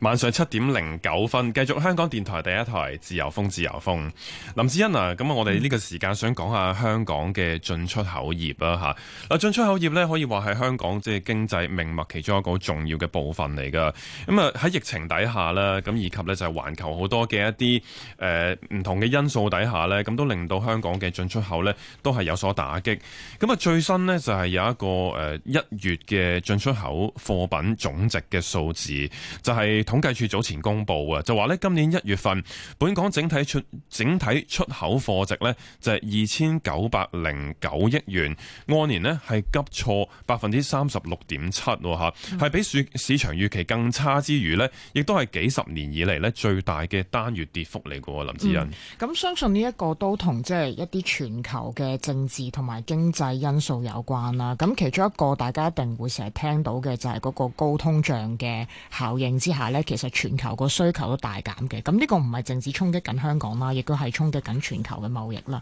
晚上七點零九分，繼續香港電台第一台自由風，自由風。林志欣啊，咁啊，我哋呢個時間想講下香港嘅進出口業啦，吓。啊，進出口業呢，可以話係香港即係經濟命脈其中一個好重要嘅部分嚟㗎。咁啊喺疫情底下呢，咁、啊、以及呢，就係環球好多嘅一啲誒唔同嘅因素底下呢，咁、啊、都令到香港嘅進出口呢，都係有所打擊。咁啊最新呢，就係、是、有一個誒一、啊、月嘅進出口貨品總值嘅數字，就係、是。統計處早前公布啊，就話咧，今年一月份本港整體出整體出口貨值咧就係二千九百零九億元，按年咧係急挫百分之三十六點七喎，吓，係比市市場預期更差之餘咧，亦都係幾十年以嚟咧最大嘅單月跌幅嚟嘅林志恩。咁、嗯、相信呢一個都同即係一啲全球嘅政治同埋經濟因素有關啦。咁其中一個大家一定會成日聽到嘅就係嗰個高通脹嘅效應之下咧。其實全球個需求都大減嘅，咁呢個唔係淨止衝擊緊香港啦，亦都係衝擊緊全球嘅貿易啦。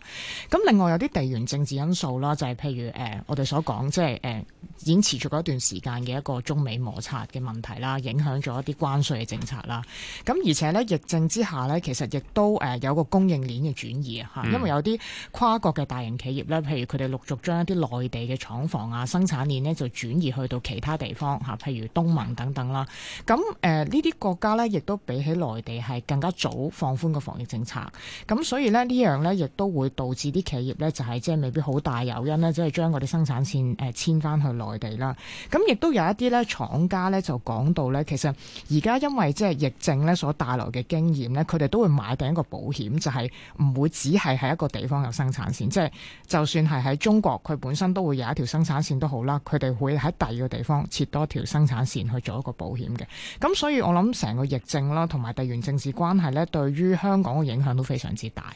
咁另外有啲地緣政治因素啦，就係、是、譬如誒、呃，我哋所講即係誒。呃已經持續咗一段時間嘅一個中美摩擦嘅問題啦，影響咗一啲關稅嘅政策啦。咁而且呢，疫症之下呢，其實亦都誒有一個供應鏈嘅轉移啊，嗯、因為有啲跨國嘅大型企業呢，譬如佢哋陸續將一啲內地嘅廠房啊、生產鏈呢，就轉移去到其他地方嚇，譬如東盟等等啦。咁誒呢啲國家呢，亦都比起內地係更加早放寬個防疫政策。咁所以呢，呢樣呢，亦都會導致啲企業呢、就係，就係即係未必好大誘因咧，即、就、係、係、將我哋生產線誒、呃、遷翻去內。內地啦，咁亦都有一啲咧，廠家咧就講到咧，其實而家因為即係疫症咧所帶來嘅經驗咧，佢哋都會買定一個保險，就係、是、唔會只係喺一個地方有生產線，即、就、係、是、就算係喺中國，佢本身都會有一條生產線都好啦，佢哋會喺第二個地方設多條生產線去做一個保險嘅。咁所以我諗成個疫症啦，同埋地緣政治關係咧，對於香港嘅影響都非常之大。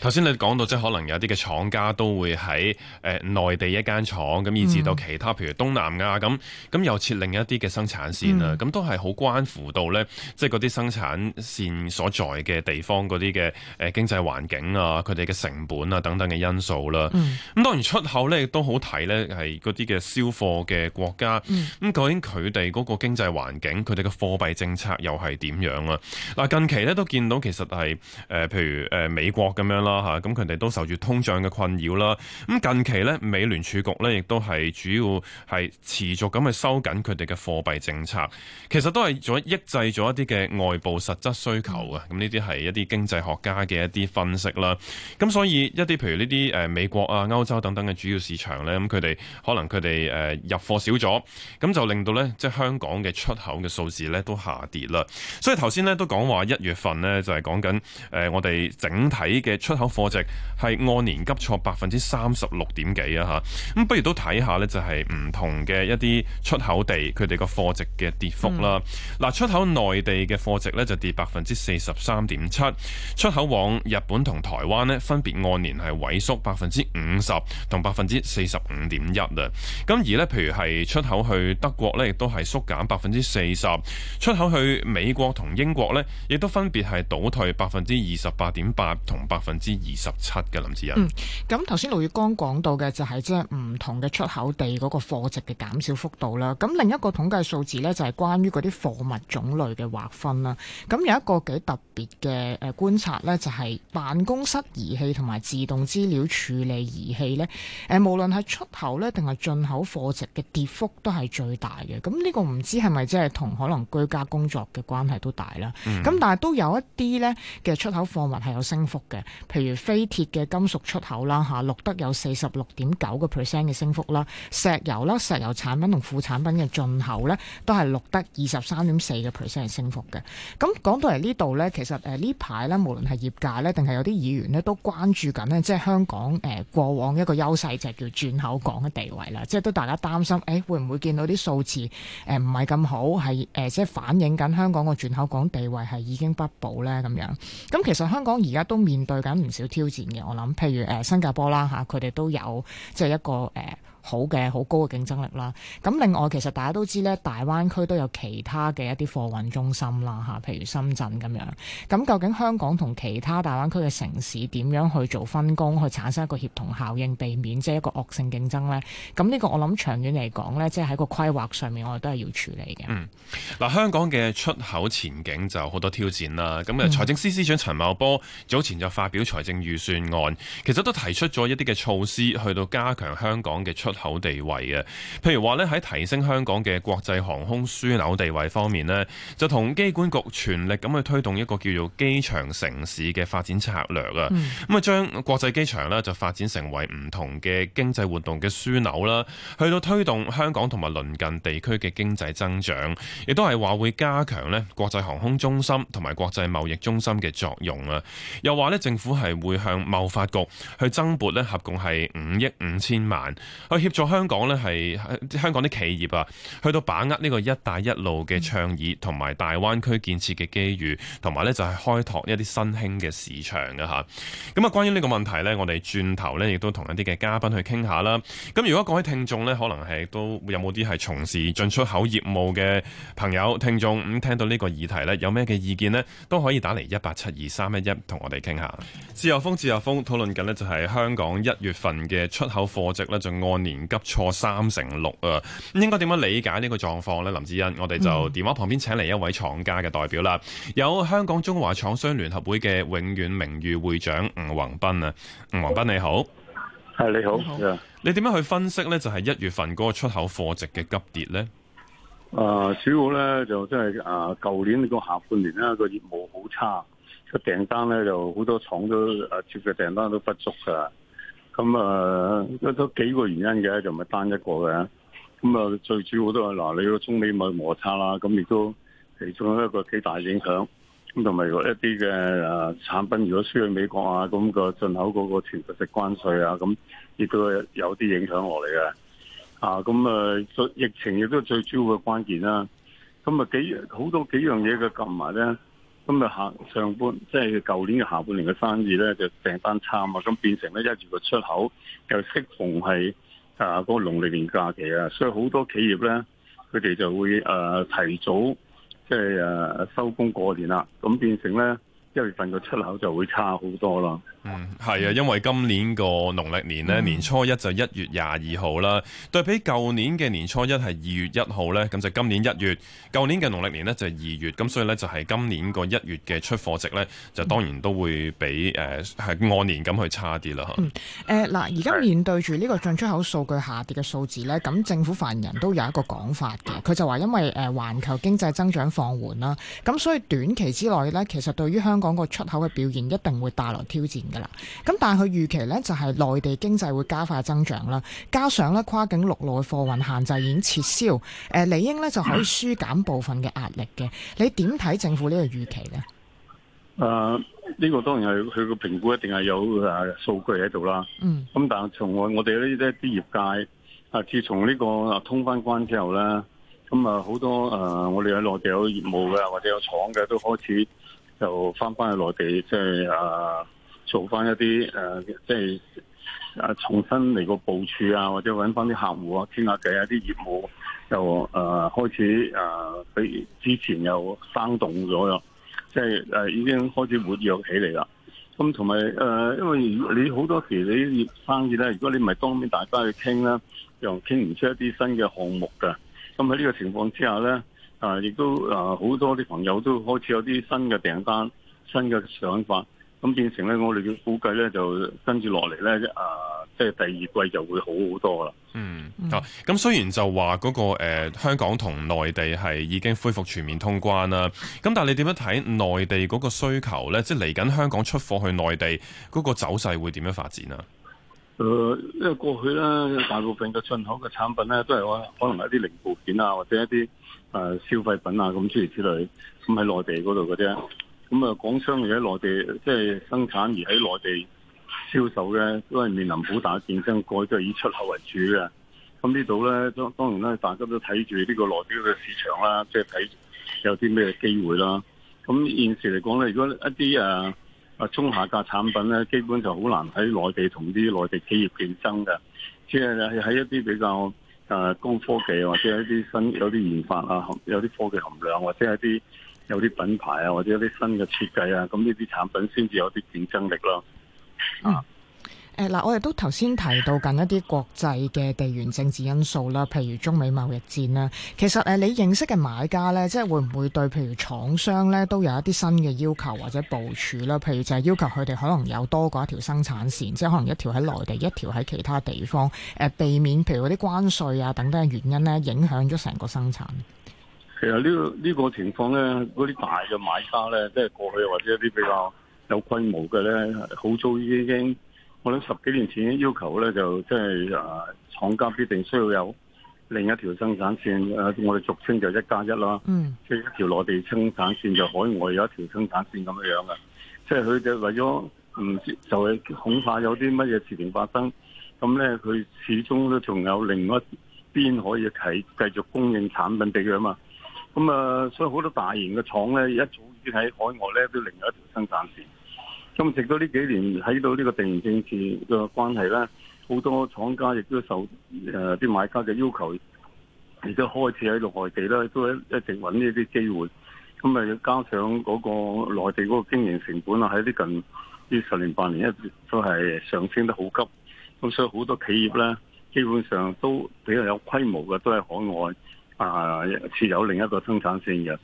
頭先、嗯、你講到即係可能有啲嘅廠家都會喺誒內地一間廠咁，以至到其他。譬如東南亞咁，咁又設另一啲嘅生產線啊，咁、嗯、都係好關乎到咧，即係嗰啲生產線所在嘅地方嗰啲嘅誒經濟環境啊，佢哋嘅成本啊等等嘅因素啦。咁、嗯、當然出口咧亦都好睇咧，係嗰啲嘅銷貨嘅國家。咁、嗯、究竟佢哋嗰個經濟環境，佢哋嘅貨幣政策又係點樣啊？嗱，近期咧都見到其實係誒譬如誒美國咁樣啦嚇，咁佢哋都受住通脹嘅困擾啦。咁近期咧，美聯儲局咧亦都係主要。係持續咁去收緊佢哋嘅貨幣政策，其實都係在抑制咗一啲嘅外部實質需求啊。咁呢啲係一啲經濟學家嘅一啲分析啦。咁所以一啲譬如呢啲誒美國啊、歐洲等等嘅主要市場呢，咁佢哋可能佢哋誒入貨少咗，咁就令到呢即係香港嘅出口嘅數字呢都下跌啦。所以頭先呢都講話一月份呢就係講緊誒我哋整體嘅出口貨值係按年急挫百分之三十六點幾啊吓。咁不如都睇下呢就係、是。唔同嘅一啲出口地，佢哋個貨值嘅跌幅啦。嗱、嗯，出口內地嘅貨值咧就跌百分之四十三點七，出口往日本同台灣咧分別按年係萎縮百分之五十同百分之四十五點一啊。咁而咧，譬如係出口去德國咧，亦都係縮減百分之四十；出口去美國同英國咧，亦都分別係倒退百分之二十八點八同百分之二十七嘅林志欣。嗯，咁頭先盧月光講到嘅就係即係唔同嘅出口地嗰、嗰個。貨值嘅減少幅度啦，咁另一個統計數字呢就係、是、關於嗰啲貨物種類嘅劃分啦。咁有一個幾特別嘅誒觀察呢，就係、是、辦公室儀器同埋自動資料處理儀器呢，誒無論係出口呢，定係進口貨值嘅跌幅都係最大嘅。咁呢個唔知係咪即係同可能居家工作嘅關係都大啦。咁、嗯、但係都有一啲呢嘅出口貨物係有升幅嘅，譬如非鐵嘅金屬出口啦，吓錄得有四十六點九個 percent 嘅升幅啦，石。有啦，石油產品同副產品嘅進口咧，都係錄得二十三點四個 percent 係升幅嘅。咁講到嚟呢度咧，其實誒呢排咧，無論係業界咧，定係有啲議員咧，都關注緊咧，即係香港誒過往一個優勢就係、是、叫轉口港嘅地位啦。即係都大家擔心誒、欸，會唔會見到啲數字誒唔係咁好，係誒即係反映緊香港個轉口港地位係已經不保咧咁樣。咁其實香港而家都面對緊唔少挑戰嘅。我諗譬如誒新加坡啦嚇，佢哋都有即係一個誒。好嘅，好高嘅競爭力啦。咁另外，其實大家都知咧，大灣區都有其他嘅一啲貨運中心啦，嚇，譬如深圳咁樣。咁究竟香港同其他大灣區嘅城市點樣去做分工，去產生一個協同效應，避免即係一個惡性競爭呢？咁呢個我諗長遠嚟講呢，即係喺個規劃上面，我哋都係要處理嘅。嗯，嗱，香港嘅出口前景就好多挑戰啦。咁財政司司長陳茂波早前就發表財政預算案，其實都提出咗一啲嘅措施，去到加強香港嘅出口出口地位嘅，譬如話咧，喺提升香港嘅國際航空樞紐地位方面咧，就同機管局全力咁去推動一個叫做機場城市嘅發展策略啊。咁啊、嗯，將國際機場咧就發展成為唔同嘅經濟活動嘅樞紐啦，去到推動香港同埋鄰近地區嘅經濟增長，亦都係話會加強咧國際航空中心同埋國際貿易中心嘅作用啦。又話咧政府係會向貿發局去增撥咧合共係五億五千萬協助香港咧，係香港啲企業啊，去到把握呢個「一帶一路」嘅倡議，同埋大灣區建設嘅機遇，同埋咧就係、是、開拓一啲新興嘅市場嘅嚇。咁啊，關於呢個問題咧，我哋轉頭呢亦都同一啲嘅嘉賓去傾下啦。咁如果各位聽眾呢可能係都有冇啲係從事進出口業務嘅朋友聽眾咁，聽到呢個議題呢有咩嘅意見呢都可以打嚟一八七二三一一同我哋傾下。自由風自由風，討論緊呢就係香港一月份嘅出口貨值咧，仲按年年急挫三成六啊！咁應該點樣理解呢個狀況呢？林志恩，我哋就電話旁邊請嚟一位廠家嘅代表啦，有香港中華廠商聯合會嘅永遠名譽會長吳宏斌啊，吳宏斌你好，係你好，你好，你點好樣去分析呢？就係一月份個出口貨值嘅急跌呢？啊、呃，主要呢，就即係啊，舊、呃、年個下半年呢個業務好差，個訂單呢就好多廠都啊接嘅訂單都不足噶。咁啊、呃，都幾個原因嘅，就唔係單一個嘅。咁啊，最主要都係嗱、啊，你個中美貿摩擦啦、啊，咁亦都其中一個幾大影響。咁同埋一啲嘅誒產品，如果輸去美國啊，咁個進口嗰個全價值關稅啊，咁亦都有啲影響落嚟嘅。啊，咁啊，疫情亦都最主要嘅關鍵啦。咁啊，幾好多幾樣嘢嘅撳埋咧。咁咪下上半即係舊年嘅下半年嘅生意咧，就訂單差啊，咁變成咧一月嘅出口又適逢係啊個農曆年假期啊，所以好多企業咧佢哋就會誒、呃、提早即係誒、呃、收工過年啦，咁變成咧。一月份嘅出口就會差好多啦。嗯，係啊，因為今年個農曆年咧，年初一就一月廿二號啦，嗯、對比舊年嘅年初一係二月一號咧，咁就是今年一月，舊年嘅農曆年咧就係二月，咁所以咧就係今年個一月嘅出貨值咧，就當然都會比誒係按年咁去差啲啦。吓誒嗱，而家，嗯呃、面對住呢個進出口數據下跌嘅數字咧，咁政府發言人都有一個講法嘅，佢就話因為誒環、呃、球經濟增長放緩啦，咁所以短期之內咧，其實對於香港講個出口嘅表現一定會帶來挑戰㗎喇，咁但係佢預期呢就係內地經濟會加快增長啦，加上咧跨境陸路嘅貨運限制已經撤銷，誒理應呢就可以紓減部分嘅壓力嘅。嗯、你點睇政府呢個預期呢？誒、呃、呢、這個當然係佢個評估一定係有誒數、啊、據喺度啦。嗯，咁但係從我我哋呢啲業界啊，自從呢個通翻關之後呢，咁啊好多誒、呃、我哋喺內地有業務嘅或者有廠嘅都開始。就翻翻去內地，即係啊，做翻一啲誒，即係啊，重新嚟個部署啊，或者揾翻啲客戶啊，傾下偈啊，啲業務就誒開始誒，比之前又生動咗咯，即係誒已經開始活躍起嚟啦。咁同埋誒，因為你好多時你業生意咧，如果你唔係當面大家去傾咧，又傾唔出一啲新嘅項目㗎。咁喺呢個情況之下咧。啊！亦都啊，好多啲朋友都開始有啲新嘅訂單、新嘅想法，咁變成咧，我哋嘅估計咧，就跟住落嚟咧，啊，即係第二季就會好好多啦。嗯，嗯啊，咁雖然就話嗰個、呃、香港同內地係已經恢復全面通關啦，咁但係你點樣睇內地嗰個需求咧？即係嚟緊香港出貨去內地嗰個走勢會點樣發展啊？誒、呃，因為過去咧，大部分嘅進口嘅產品咧，都係話可能係一啲零部件啊，或者一啲誒、呃、消費品啊，咁之類之類，咁喺內地嗰度啲啫。咁、嗯、啊，港商而喺內地即係生產而喺內地銷售嘅，都係面臨好大競爭，改咗以出口為主嘅。咁、嗯、呢度咧，當當然咧，大家都睇住呢個內地嘅市場啦，即係睇有啲咩機會啦。咁、嗯、現時嚟講咧，如果一啲啊。啊，中下價產品咧，基本就好難喺內地同啲內地企業競爭嘅，即係喺一啲比較誒高科技或者係一啲新有啲研發啊，有啲科技含量或者係一啲有啲品牌啊，或者一啲新嘅設計啊，咁呢啲產品先至有啲競爭力囉，啊、嗯。誒，嗱，我哋都頭先提到近一啲國際嘅地緣政治因素啦，譬如中美貿易戰啦。其實誒，你認識嘅買家咧，即係會唔會對譬如廠商咧，都有一啲新嘅要求或者部署啦？譬如就係要求佢哋可能有多過一條生產線，即係可能一條喺內地，一條喺其他地方，誒，避免譬如嗰啲關稅啊等等嘅原因咧，影響咗成個生產。其實呢個呢個情況咧，嗰啲大嘅買家咧，即係過去或者一啲比較有規模嘅咧，好早已經。我諗十幾年前要求咧就即係、就是啊、廠家必定需要有另一條生產線，誒、啊，我哋俗稱就一加一啦。嗯。即係一條內地生產線，就海外有一條生產線咁樣樣嘅，即係佢就為咗唔知，就係、是、恐怕有啲乜嘢事情發生，咁咧佢始終都仲有另一邊可以啟繼續供應產品俾佢啊嘛。咁啊，所以好多大型嘅廠咧，一早已經喺海外咧都另外一條生產線。咁直到呢幾年喺到呢個地緣政治嘅關係咧，好多廠家亦都受誒啲、呃、買家嘅要求，亦都開始喺內地咧都一一直揾呢啲機會。咁誒加上嗰個內地嗰個經營成本啊，喺呢近十年八年一直都係上升得好急。咁所以好多企業咧，基本上都比較有規模嘅都喺海外啊、呃、設有另一個生產線嘅。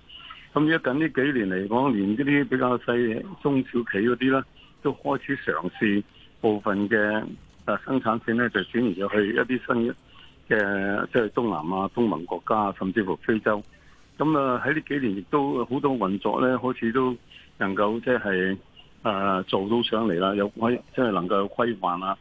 咁而家近呢幾年嚟講，連啲啲比較細中小企嗰啲咧，都開始嘗試部分嘅啊生產線咧，就轉移咗去一啲新嘅，即係東南亞、東盟國家，甚至乎非洲。咁啊喺呢幾年亦都好多運作咧，開始都能夠即係啊做到上嚟啦，有即係能夠有規範啦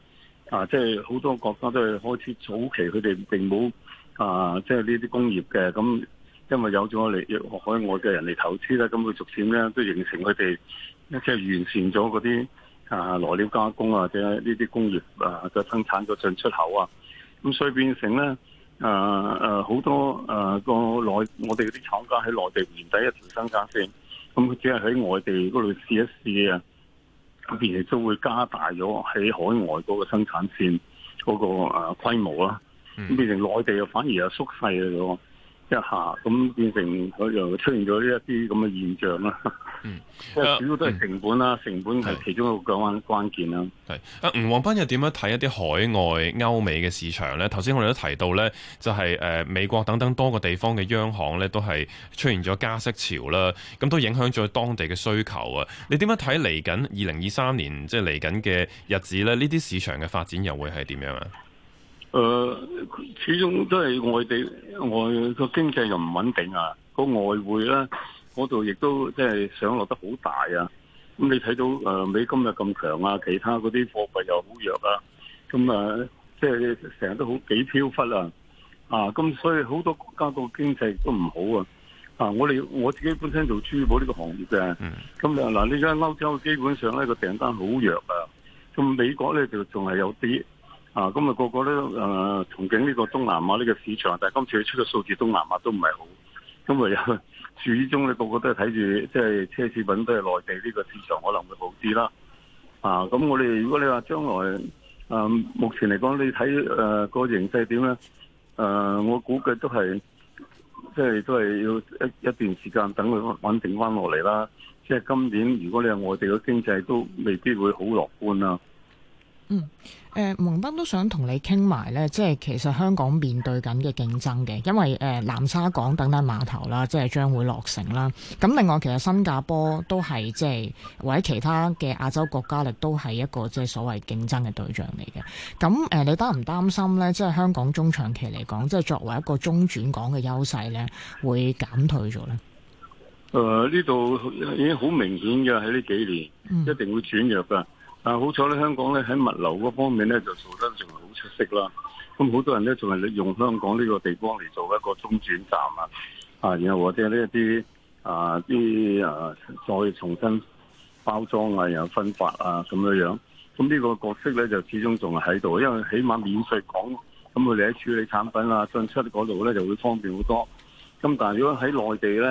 啊，即係好多國家都係開始早期佢哋並冇啊，即係呢啲工業嘅咁。因為有咗嚟海外嘅人嚟投資咧，咁佢逐漸咧都形成佢哋即係完善咗嗰啲啊來料加工啊，或者呢啲工業啊嘅生產嘅進出口啊，咁所以變成咧啊啊好多啊個內我哋嗰啲廠家喺內地年底一條生，生產線、嗰個，咁佢只係喺外地嗰度試一試啊，咁變形都會加大咗喺海外嗰個生產線嗰個啊規模啦，咁變成內地又反而又縮細咗。一下咁變成佢又出現咗呢一啲咁嘅現象啦。嗯，即係主要都係成本啦，嗯、成本係其中一個關關鍵啦。係啊、呃，吳宏斌又點樣睇一啲海外歐美嘅市場咧？頭先我哋都提到咧，就係、是、誒、呃、美國等等多個地方嘅央行咧，都係出現咗加息潮啦。咁都影響咗當地嘅需求啊。你點樣睇嚟緊二零二三年即係嚟緊嘅日子咧？呢啲市場嘅發展又會係點樣啊？誒、呃，始終都係外地外個經濟又唔穩定啊，個外匯咧，嗰度亦都即係上落得好大啊。咁你睇到誒，美金又咁強啊，其他嗰啲貨幣又好弱啊，咁啊，即係成日都好幾飄忽啊，啊，咁所以好多國家個經濟都唔好啊。啊，我哋我自己本身做珠寶呢個行業嘅，咁啊嗱，而家歐洲基本上咧，個訂單好弱啊，咁美國咧就仲係有啲。啊，咁咪個個都誒憧憬呢個東南亞呢個市場，但係今次佢出嘅數字東南亞都唔係好，咁咪始終你個，個個都係睇住即係奢侈品都係內地呢個市場可能會好啲啦。啊，咁我哋如果你話將來誒、啊，目前嚟講你睇誒、呃嗰個形勢點咧？誒、呃，我估計都係即係都係要一一段時間等佢穩定翻落嚟啦。即、就、係、是、今年如果你係外地嘅經濟都未必會好樂觀啦。嗯，誒、呃，宏斌都想同你傾埋咧，即係其實香港面對緊嘅競爭嘅，因為誒南沙港等等碼頭啦，即係將會落成啦。咁另外，其實新加坡都係即係或者其他嘅亞洲國家，亦都係一個即係所謂競爭嘅對象嚟嘅。咁誒，你擔唔擔心咧？即係香港中長期嚟講，即係作為一個中轉港嘅優勢咧，會減退咗咧？誒、呃，呢度已經好明顯嘅喺呢幾年，嗯、一定會轉弱噶。但係、啊、好彩咧，香港咧喺物流嗰方面咧就做得仲係好出色啦。咁、嗯、好多人咧仲係用香港呢個地方嚟做一個中轉站啊，啊，然後或者呢一啲啊啲啊再重新包裝啊，又分發啊咁樣樣。咁、嗯、呢、這個角色咧就始終仲係喺度，因為起碼免稅港，咁佢哋喺處理產品啊進出嗰度咧就會方便好多。咁、嗯、但係如果喺內地咧，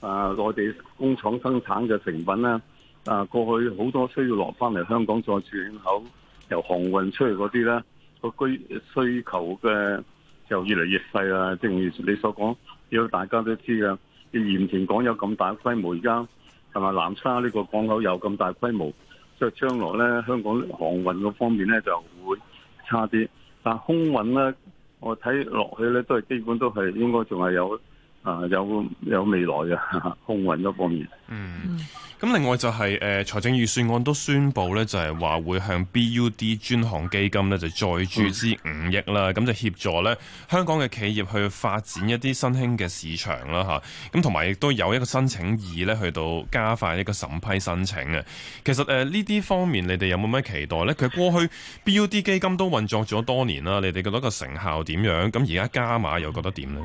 啊內地工廠生產嘅成品咧。啊！過去好多需要落翻嚟香港再轉口由航運出去嗰啲呢個需需求嘅就越嚟越細啦。正如你所講，要大家都知啊。鹽田港有咁大規模，而家係咪南沙呢個港口有咁大規模？即係將來呢香港航運嗰方面呢就會差啲。但空運呢，我睇落去呢都係基本都係應該仲係有。啊！有有未來嘅空運嗰方面，嗯，咁另外就係、是、誒、呃、財政預算案都宣布咧，就係、是、話會向 BUD 專項基金咧就再注資五億啦，咁就協助咧香港嘅企業去發展一啲新興嘅市場啦嚇。咁同埋亦都有一個申請二咧，去到加快一個審批申請啊。其實誒呢啲方面，你哋有冇咩期待呢？佢實過去 BUD 基金都運作咗多年啦，你哋覺得個成效點樣？咁而家加碼又覺得點呢？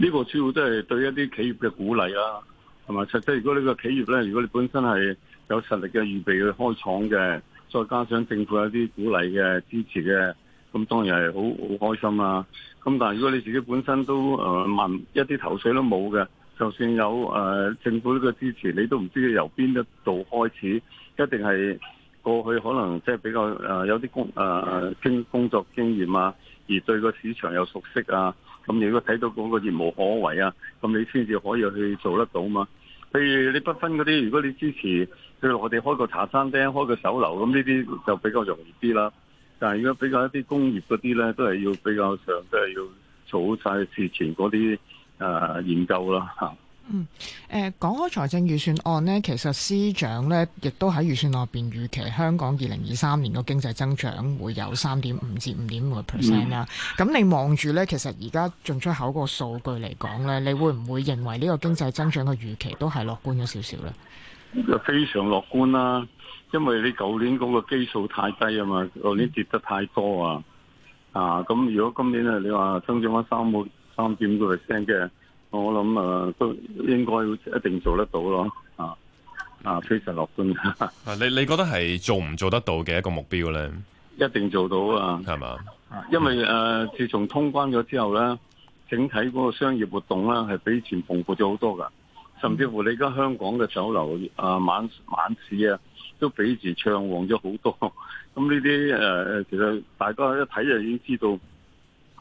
呢個主要都係對一啲企業嘅鼓勵啦、啊，係嘛？實際如果呢個企業咧，如果你本身係有實力嘅預備去開廠嘅，再加上政府有啲鼓勵嘅支持嘅，咁當然係好好開心啊！咁但係如果你自己本身都誒萬、呃、一啲頭緒都冇嘅，就算有誒、呃、政府呢個支持，你都唔知佢由邊一度開始，一定係過去可能即係比較誒、呃、有啲工誒經工作經驗啊，而對個市場又熟悉啊。咁如果睇到嗰個業務可為啊，咁你先至可以去做得到嘛。譬如你不分嗰啲，如果你支持，譬如我哋開個茶餐廳、開個酒樓，咁呢啲就比較容易啲啦。但係如果比較一啲工業嗰啲呢，都係要比較上，都係要做晒事前嗰啲誒研究啦嚇。嗯，誒，講開財政預算案呢，其實司長呢亦都喺預算案入邊預期香港二零二三年個經濟增長會有三點五至五點五個 percent 啦。咁，嗯，你望住呢，其實而家進出口個數據嚟講呢，你會唔會認為呢個經濟增長嘅預期都係樂觀咗少少呢？就非常樂觀啦，啊，因為你舊年嗰個基數太低啊嘛，舊年跌得太多啊，啊，咁如果今年咧，你話增長咗三個，三點五個 percent 嘅。我諗啊、呃，都應該一定做得到咯，啊啊，非常樂觀。你你覺得係做唔做得到嘅一個目標咧？一定做到啊，係嘛？因為誒、呃，自從通關咗之後咧，整體嗰個商業活動咧係比以前蓬勃咗好多噶，甚至乎你而家香港嘅酒樓啊、晚晚市啊，都比前暢旺咗好多。咁呢啲誒，其實大家一睇就已經知道，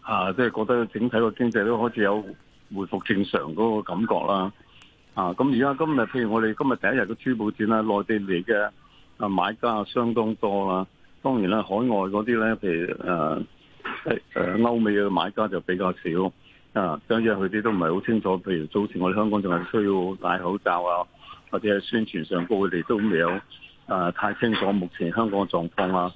啊，即係覺得整體個經濟都好似有。恢復正常嗰個感覺啦，啊，咁而家今日譬如我哋今日第一日嘅珠寶展啦，內地嚟嘅啊買家相當多啦，當然啦，海外嗰啲咧，譬如誒誒歐美嘅買家就比較少，啊，因為佢啲都唔係好清楚，譬如早前我哋香港仲係需要戴口罩啊，或者係宣傳上高，佢哋都未有啊太清楚目前香港嘅狀況啦，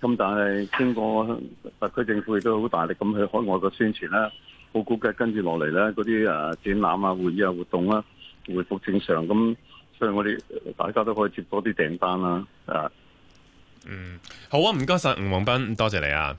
咁但係經過特區政府亦都好大力咁去海外嘅宣傳啦。我估計跟住落嚟咧，嗰啲誒展覽啊、會議啊、活動啊，回復正常咁，所以我哋大家都可以接多啲訂單啦。誒，嗯，好啊，唔該晒，吳宏斌，多謝你啊。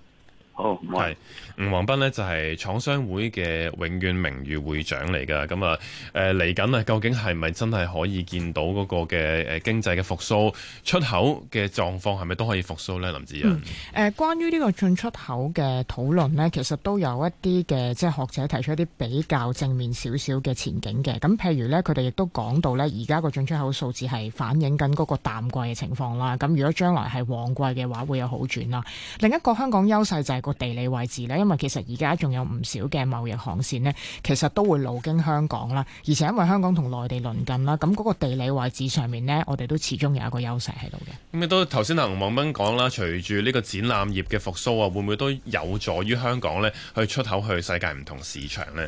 好，係吳宏斌呢就係廠商會嘅永遠名譽會長嚟噶。咁啊，誒嚟緊啊，究竟係咪真係可以見到嗰個嘅誒經濟嘅復蘇，出口嘅狀況係咪都可以復蘇呢？林志仁，誒、呃，關於呢個進出口嘅討論呢，其實都有一啲嘅，即、就、係、是、學者提出一啲比較正面少少嘅前景嘅。咁譬如呢，佢哋亦都講到呢，而家個進出口數字係反映緊嗰個淡季嘅情況啦。咁如果將來係旺季嘅話，會有好轉啦。另一個香港優勢就係、是。個地理位置咧，因為其實而家仲有唔少嘅貿易航線呢，其實都會路經香港啦。而且因為香港同內地鄰近啦，咁嗰個地理位置上面呢，我哋都始終有一個優勢喺度嘅。咁亦都頭先吳宏斌講啦，隨住呢個展覽業嘅復蘇啊，會唔會都有助於香港呢去出口去世界唔同市場呢？